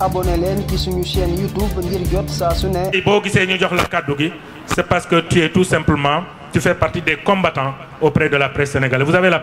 abonné leen ci suñu chaîne YouTube su ne. boo gisee ñu jox la kàddu gi c'est parce que tu tout simplement tu fais partie des combattants auprès de la presse sénégalaise vous avez la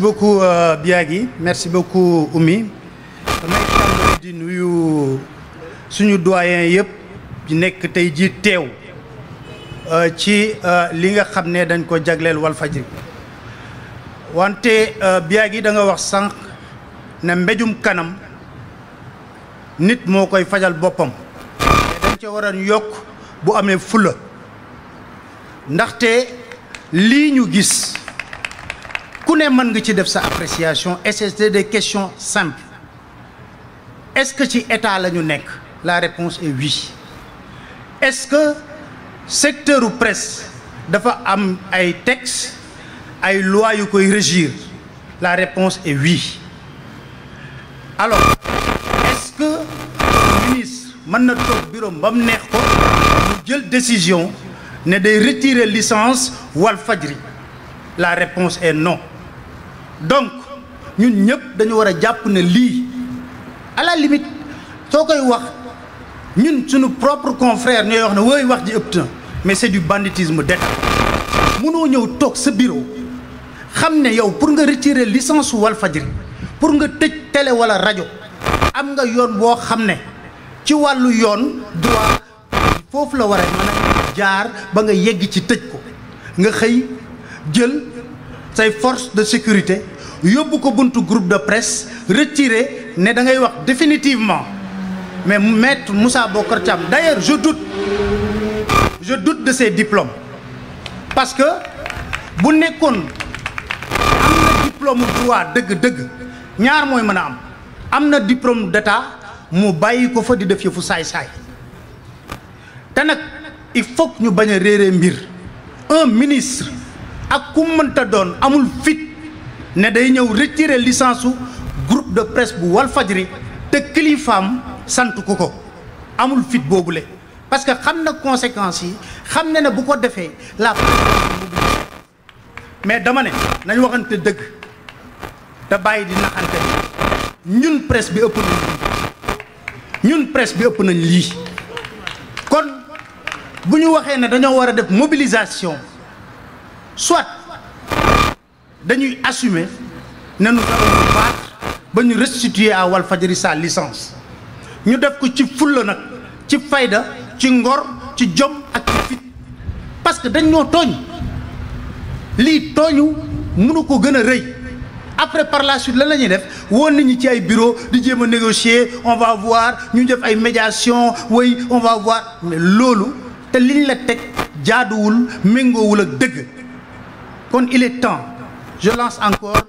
beaucoup euh, Biagui merci beaucoup Oumy di nuyu suñu doyen yëpp di nekk tey jii teew euh, ci euh, li nga xam ne dañ ko jagleel Walfadjri wante euh, Biagui da nga wax sànq na mbejum kanam. nit moo koy fajal boppam te dañ ca war a yokk bu amee fulla ndaxte lii ñu gis ku ne mën nga ci def sa appréciation et c'est des questions simples est-ce que ci état lañu nekk la réponse et oui est-ce que secteur u presse dafa am ay textes ay loi yu koy régir la réponse est oui alors mën na toog bureau ba neex ko mu jël décision ne day retirer licence Walfadjri la réponse est non donc ñun ñëpp dañu war a jàpp ne lii à la limite soo koy wax ñun suñu propre confrère ñooy wax ne wooy wax ji ëpp na mais c'est du banditisme d'État mënoo ñëw toog sa bureau xam ne yow pour nga retirer licence Walfadjri pour nga tëj tele wala rajo am nga yoon boo xam ne ci wàllu yoon droit foofu la war a mën a jaar ba nga yegg ci tëj ko nga xëy jël say force de sécurité yóbbu ko buntu groupe de presse retiré ne da ngay wax définitivement mais maître Moussa Bokar Thiam d'ailleurs je doute je doute de ses diplômes parce que bu nekkoon am na diplôme droit dëgg-dëgg ñaar mooy mën a am am na diplôme d'état mu bàyyi ko fa di def yëfu saay-saay te nag il faut ñu bañ a réeree mbir un ministre ak ku mënta doon amul fit ne day ñëw retirer licence groupe de presse bu Walfadjri te kilifaam sant ko ko amul fit boobule parce que xam na conséquences yi xam na ne bu ko defee la mais dama ne nañ waxante dëgg te bàyyi di naxante ñun presse bi ëpp ñun presse bi ëpp nañ lii kon bu ñu waxee ne dañoo war a def mobilisation soit dañuy assumer ne nous allons ba ñu restituer à Walfadjri sa licence ñu def ko ci fulla nag ci fayda ci ngor ci jom ak ci fit parce que dañ ñoo tooñ lii tooñu mënu ko gën a rëy après par la suite la ñuy def woon nañu ci ay bureau di jéem a négocier on va voir ñu def ay médiation way on va voir loolu te liñ la teg jaaduwul méngoowul ak dëgg kon il est temps je lense encore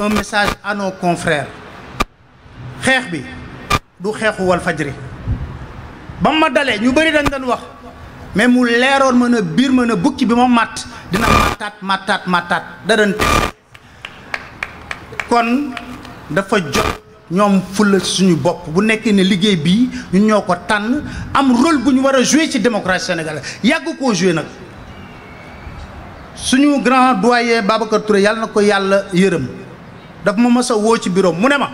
un message à nos xeex bi du xeexu Walfadjri ba ma dalee ñu bari dañ doon wax mais mu leeroon mën a biir mën a bukki bi ma matt dina mattaat mattaat mattaat da doon kon dafa jot ñoom fulla suñu bopp bu nekkee ne liggéey bii ñu ñoo ko tànn am rôle bu ñu war a joué ci démocratie sénégalaise yàgg koo joué nag suñu grand doyen Babacar yàlla na ko yàlla yërëm dafa ma mës a woo ci biroom mu ne ma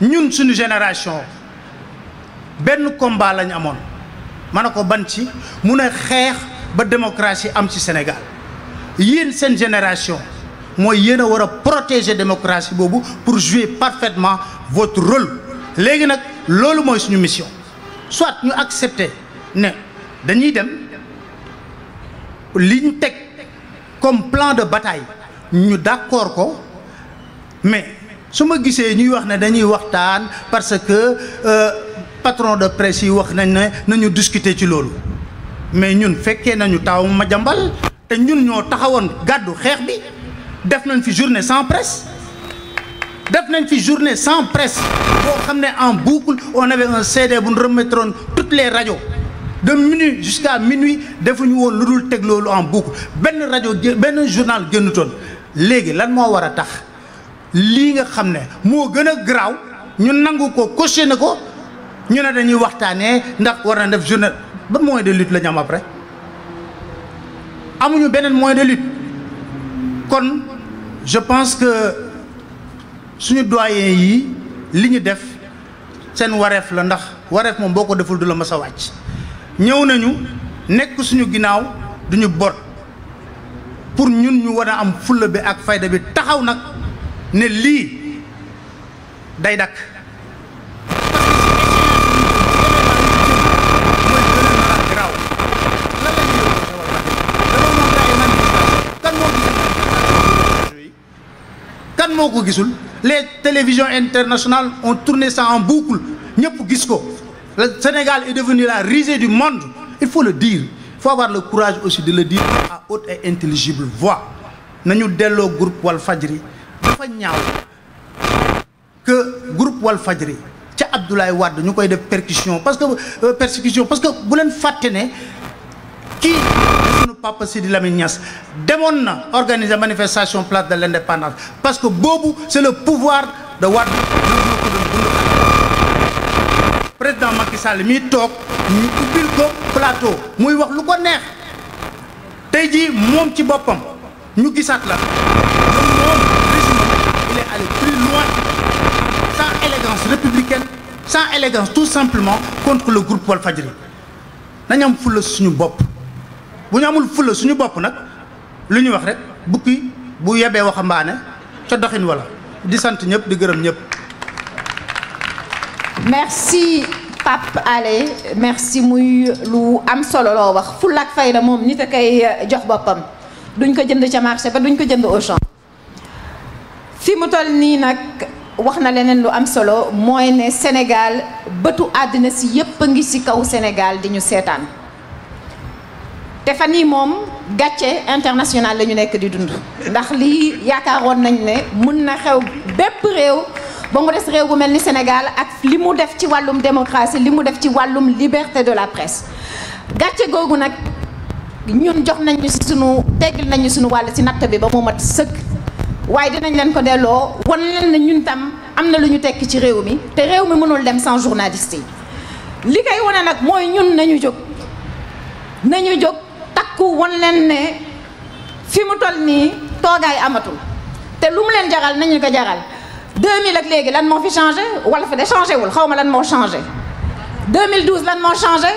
ñun suñu génération benn combat lañ amoon ma ne ko ban ci mu ne xeex ba démocratie am ci Sénégal yéen seen génération mooy yéen a war a protéger démocratie boobu pour jouer parfaitement votre rôle léegi nag loolu mooy suñu mission soit ñu accepter ne dañuy dem li ñu teg comme plan de bataille ñu d'accord ko mais su ma gisee ñuy wax ne dañuy waxtaan parce que euh, patron de presse yi wax nañ ne nañu discuter ci loolu mais ñun fekkee nañu taw ma jambal te ñun ñoo taxawoon gàddu xeex bi def nañ fi journée sans presse def nañ fi journée sans presse boo xam ne en boucle on avait un CD bu ñu remettroon toutes les rajo de minuit jusqu'à minuit defuñu woon lu dul teg loolu en boucle benn rajo benn journal génnutoon léegi lan moo war a tax lii nga xam ne moo gën a garaaw ñu nangu ko coché na ko ñu ne dañuy waxtaanee ndax war na def journée ba moyen de lutte la ñu am après amuñu beneen moyen de lutte kon je pense que suñu doyen yi li ñu def seen wareef la ndax wareef moom boo ko deful du la mës wàcc ñëw nañu nekk suñu ginnaaw duñu boot pour ñun ñu war a am fulla bi ak fayda bi taxaw nag ne lii day dakk moo ko gisul les télévisions internationales ont tourné ça en boucle ñëpp gis ko le Sénégal est devenu la risée du monde il faut le dire il faut avoir le courage aussi de le dire à haute et intelligible voix nañu delloo groupe Walfadjri dafa ñaaw que groupe Walfadjri ca Abdoulaye Wade ñu koy def percussion parce que euh, persécution parce que bu leen fàtte ne Papa Sidi Lamine Niass demoon na organiser manifestation place de l' indépendance parce que boobu c' est le pouvoir de Wade président Macky Sall toog ñu ubbil ko plateau muy wax lu ko neex tey jii moom ci boppam ñu gisaat la loolu moom régime il est allé plus loin sans élégance républicaine sans élégance tout simplement contre le groupe Walfadjri nañ am fulla suñu bopp bu ñu amul fulla suñu bopp nag lu ñuy wax rek bukki bu yebee waxambaane ca doxin wala di sant ñëpp di gërëm ñëpp. merci Pape Alé merci muy lu am solo loo wax fulla ak fayda moom nit a koy eh, jox boppam duñ ko jënd ca marché ba duñ ko jënd au champ fi mu toll nii nag wax na leneen lu am solo mooy ne Sénégal bëtu àddina si yépp a ngi si kaw Sénégal di ñu seetaan. te fan yii moom gàcce international lañu nekk di dund ndax lii yaakaaroon nañ ne mën na xew bépp réew ba mu des réew bu mel ni Sénégal ak li mu def ci wàllum démocratie li mu def ci wàllum liberté de la presse gàcce googu nag ñun jox nañ si sunu teggil nañu sunu wàll ci natt bi ba mu mat sëkk waaye dinañ leen ko delloo wan leen ne ñun tam am na lu ñu tekki ci réew mi te réew mi mënul dem sans journaliste yi li koy wane nag mooy ñun nañu jóg nañu jóg takku won leen ne fi mu toll nii toogaay amatul te lu mu leen jaral nañu ko jaral mille ak léegi lan moo fi changé wala fi de changé wul xaw ma lan moo changé 2012 lan moo changé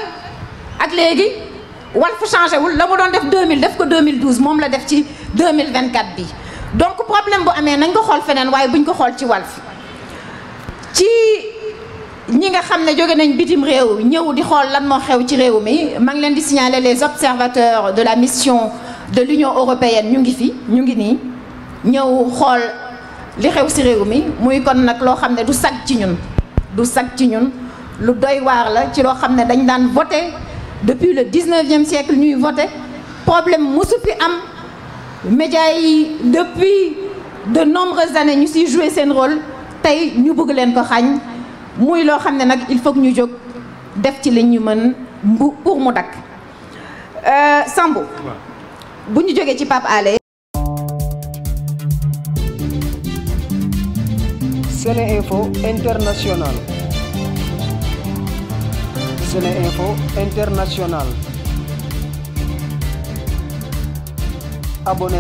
ak léegi wal fu changé wul la mu doon def 2000 def ko 2012 moom la def ci vingt 2024 bi donc problème bu amee nañ ko xool feneen waaye buñ ko xool ci Walf ci ñi nga xam ne jóge nañ bitim réew ñëw di xool lan moo xew ci réew mi maa ngi leen di signaler les observateurs de la mission de l'Union européenne ñu ngi fi ñu ngi nii ñëw xool li xew si réew mi muy kon nag loo xam ne du sag ci ñun du sag ci ñun lu doy waar la ci loo xam ne dañ daan voté depuis le 19e siècle ñuy voté problème mosu fi am médias yi depuis de nombreuses années ñu siy joué seen role tey ñu bugg leen ko xaañ muy loo xam ne nag il faut ñu jóg def ci li ñu mën mbu pour mu dakk euh, Sambu bu ñu jógee ci Pape Alé Sene Info International Sene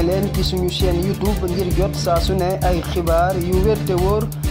leen ci suñu chaîne YouTube ngir jot saa su ne ay xibaar yu wér wóor